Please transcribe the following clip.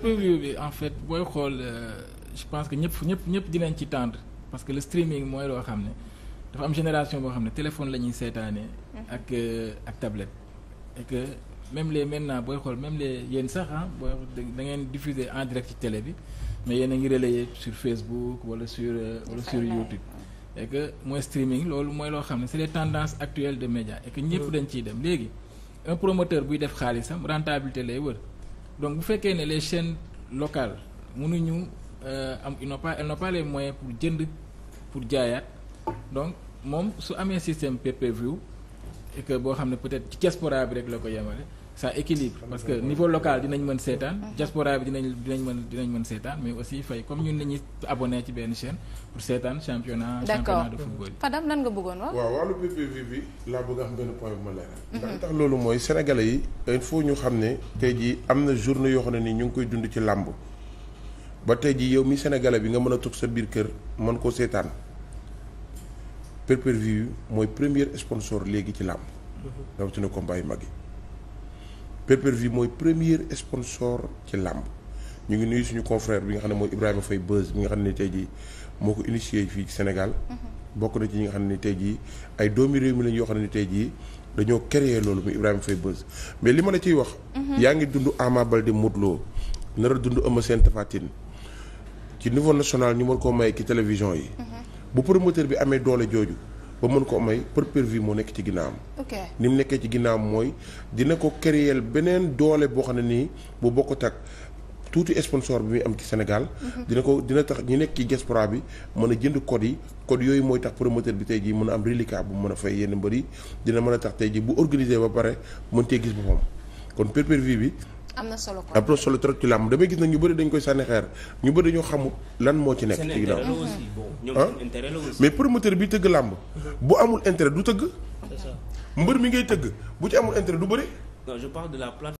pay per bi en fait booy xool euh, je pense que ñëpp ñëpp ñëpp dinañ ci tendre parce que le streaming mooy loo xam ne dafa am génération boo xam ne téléphone la ñuy seetaanee. Mhm. ak euh, ak tablette. et que même les maintenant booy xool même les yéen sax ah booy da ngeen diffuser en direct ci télé bi mais yéen a ngi relayer sur Facebook wala sur euh, wala sur YouTube. et que mooy streaming loolu mooy loo xam ne c'est les tendances actuelles de médias et que ñëpp mhm. dañ ciy dem léegi un promoteur buy def xaalisam rentabilité lay wër. donc bu fekkee ne les chaînes locales mënuñu euh, am ils am pas elles n'ont moyens pour jënd pour jaayaat donc moom su amee système PPV et boo xam ne peut-être ci diaspora bi rek la ko yemale ça équilibre parce que niveau local dinañ mën seetaan diaspora bi dinañ dinañ mën dinañ mën seetaan mais aussi fay comme ñun nañu abonné ci benn chaîne pour seetaan championnat championnat de football yi Fadam lan nga bëggoon wax waaw wàllu PPV bi laa bëgg am benn point mhm. loolu mooy sénégalais yi il ñu xam ne tey jii am na journée yoo xam ne nii ñu ngi koy dund ci làmb ba tey jii yow mi sénégalais bi nga mën a toog sa biir kër mën koo seetaan PPV mooy premier sponsor léegi ci làmb mhm. rawatina combat yu mag yi pay-per-view mooy premier sponsor ci làmb ñu ngi nuyu suñu confrère bi nga xam ne mooy Ibrahima Faye Beuz bi nga xam ne tey jii moo ko initié fii ci Sénégal. Mhm. bokk na ci ñi nga xam ne tey jii ay doomi réew mi lañ yoo xam ne tey jii dañoo créer loolu muy Ibrahima Faye Beuz mais li ma la ciy wax. Mhm. yaa ngi dund Ama Baldé Modou Lo nar a dund Eumeu Sène Tapha Tine ci niveau national ñu war ko may ci télévision yi. Mhm. bu promoteur bi amee doole jooju. ba mën ko amay perpervi moo nekk ci ginnaawam. ok ni mu nekkee ci ginnaawam mooy dina ko créer beneen doole boo xam ne nii bu bokkut tag tuuti sponsor bi muy am ci Sénégal. Mhm. dina ko dina tax ñu nekk ci diaspora bi mën a jënd code yi code yooyu mooy tax promoteur bi tey jii mën a am reliquat bu mën a fay yenn mbër dina mën a tax tey jii bu organiser ba pare mën tee gis boppam kon perpervi bi. am na solo trop solo trop ci làmb damay gis nag ñu bëri dañ koy sànni xeer ñu bëri dañoo xamul lan moo ci nekk. ci ginnaaw mais promoteur bi tëgg làmb bu amul intérêt du tëgg. mbër mi ngay tëgg bu ci amul intérêt du bëri. non je la plateforme.